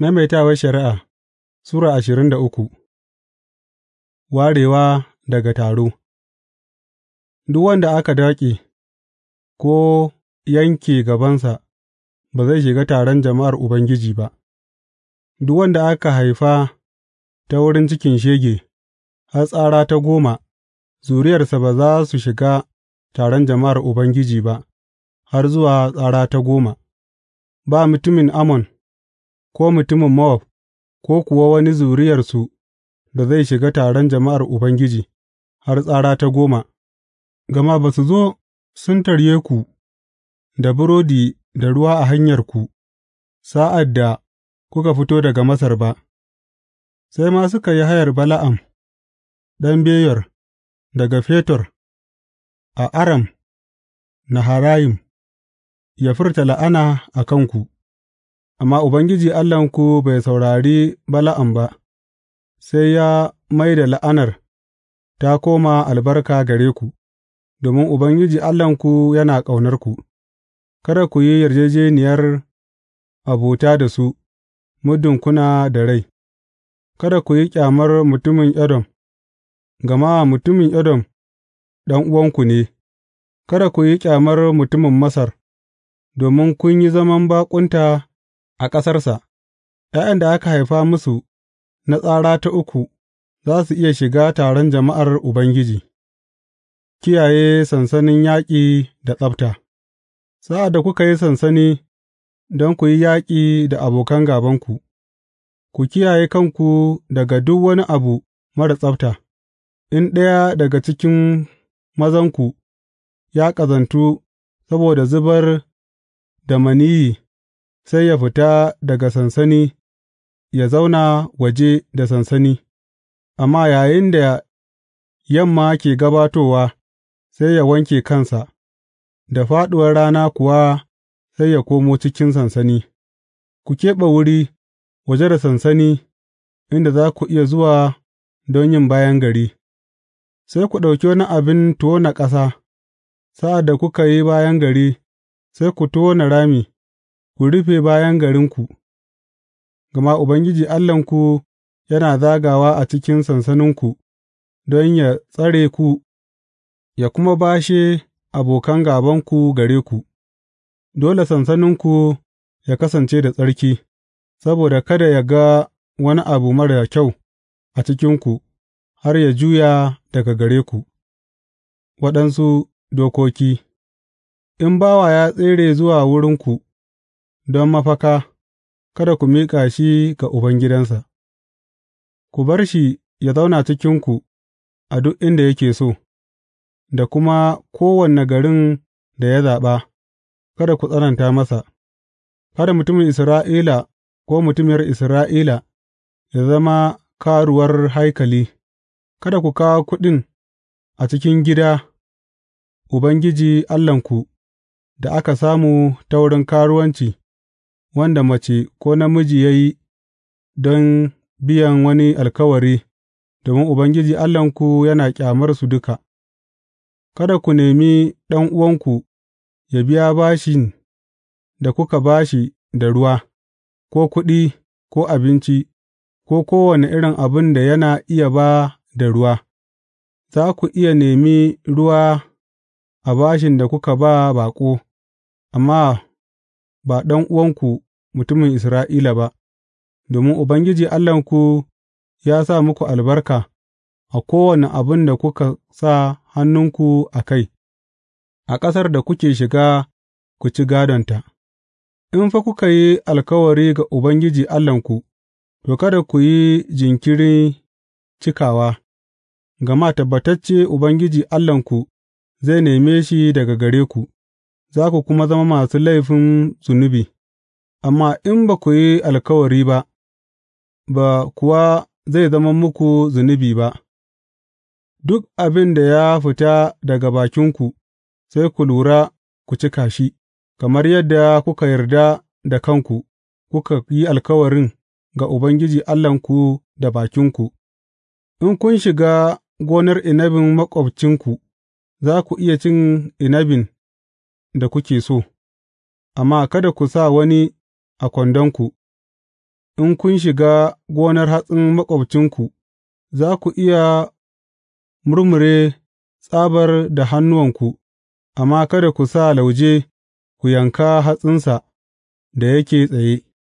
Maimaitawar Shari'a Sura ashirin da uku Warewa daga taro Duk wanda aka daƙe, ko yanke gabansa, ba zai shiga taron jama'ar Ubangiji ba, duk wanda aka haifa ta wurin cikin shege, har tsara ta goma, zuriyarsa ba za su shiga taron jama'ar Ubangiji ba, har zuwa tsara ta goma, ba mutumin amon ko mutumin Mowab, ko kuwa wani zuriyarsu da zai shiga taron jama'ar Ubangiji, har tsara ta goma, gama ba su zo sun tarye ku da burodi da ruwa a hanyarku sa'ad da kuka fito daga Masar ba, sai ma suka yi hayar Bala'am ɗan Beyor daga Fetor a Aram Naharayim, ya furta la'ana a kanku. Amma Ubangiji Allahnku bai saurari Bala'am ba, sai ya mai da la'anar ta koma albarka gare ku, domin Ubangiji Allahnku yana ƙaunar ku. kada ku yi yarjejeniyar abota da su, muddin kuna da rai, kada ku yi ƙyamar mutumin Edom, gama mutumin Edom uwanku ne, kada ku yi ƙyamar mutumin Masar, domin kun yi zaman baƙunta. a ƙasarsa, ’ya'yan da aka haifa musu na tsara ta uku za su iya shiga taron jama'ar Ubangiji. Kiyaye sansanin yaƙi da tsabta Sa'ad da kuka yi sansani don ku yi yaƙi da abokan gabanku, ku kiyaye kanku daga duk wani abu marar tsabta, in ɗaya daga cikin mazanku ya ƙazantu saboda zubar da maniyyi sai ya fita daga sansani ya zauna waje da sansani, amma yayinda yamma ke gabatowa, sai ya wanke kansa, da faɗuwar rana kuwa sai ya komo cikin sansani, ku keɓe wuri waje da sansani inda za ku iya zuwa don yin bayan gari, sai ku ɗauki wani abin tona ƙasa, sa'ad da kuka yi bayan gari, sai ku tona rami. ku rufe bayan garinku, gama Ubangiji Allahnku yana zagawa a cikin sansaninku don yă tsare ku Ya kuma bashe abokan gabanku gare ku, dole sansaninku ya kasance da tsarki, saboda kada ya ga wani abu mara kyau a cikinku har ya juya daga gare ku. Waɗansu dokoki In bawa ya tsere zuwa wurinku, don mafaka, kada ku miƙa shi ga ubangidansa, ku bar shi ya zauna cikinku a duk inda yake so, da kuma kowane garin da ya zaɓa, kada ku tsananta masa, kada mutumin Isra'ila ko mutumiyar Isra'ila ya zama karuwar haikali, kada ku kawo kuɗin a cikin gida Ubangiji Allahnku da aka samu ta wurin karuwanci. wanda mace ko namiji ya yi don biyan wani alkawari, domin Ubangiji Allahnku yana ƙyamar su duka, kada ku nemi uwanku ya biya bashin da kuka bashi da ruwa, ko kuɗi, ko abinci, ko kowane irin abin da yana iya ba da ruwa, za ku iya nemi ruwa a bashin da kuka ba baƙo, amma ba ɗan'uwanku mutumin Isra'ila ba, domin Ubangiji Allahnku ya sa muku albarka a kowane abin da kuka sa hannunku a kai, a ƙasar da kuke shiga ku ci gādonta, in fa kuka yi alkawari ga Ubangiji Allahnku, to, kada ku yi jinkirin cikawa, gama tabbatacce Ubangiji Allahnku zai neme shi daga gare ku. za ku kuma zama masu laifin zunubi, amma in ba ku yi alkawari ba, ba kuwa zai zama muku zunubi ba, duk abin da ya fita daga bakinku, sai ku lura ku cika shi, kamar yadda kuka yarda da kanku, kuka yi alkawarin ga Ubangiji Allahnku da bakinku, in kun shiga gonar inabin maƙwabcinku, za ku iya cin inabin da kuke so, amma kada ku sa wani a kwandonku, in kun shiga gonar hatsin maƙwabcinku, za ku iya murmure tsabar da hannuwanku, amma kada ku sa lauje ku yanka hatsinsa da yake tsaye.